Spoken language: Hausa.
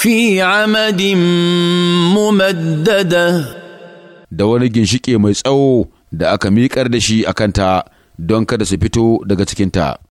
في عمد ممدده da wani ginshiƙe mai tsawo da aka miƙar da shi a kanta don kada su fito daga cikinta.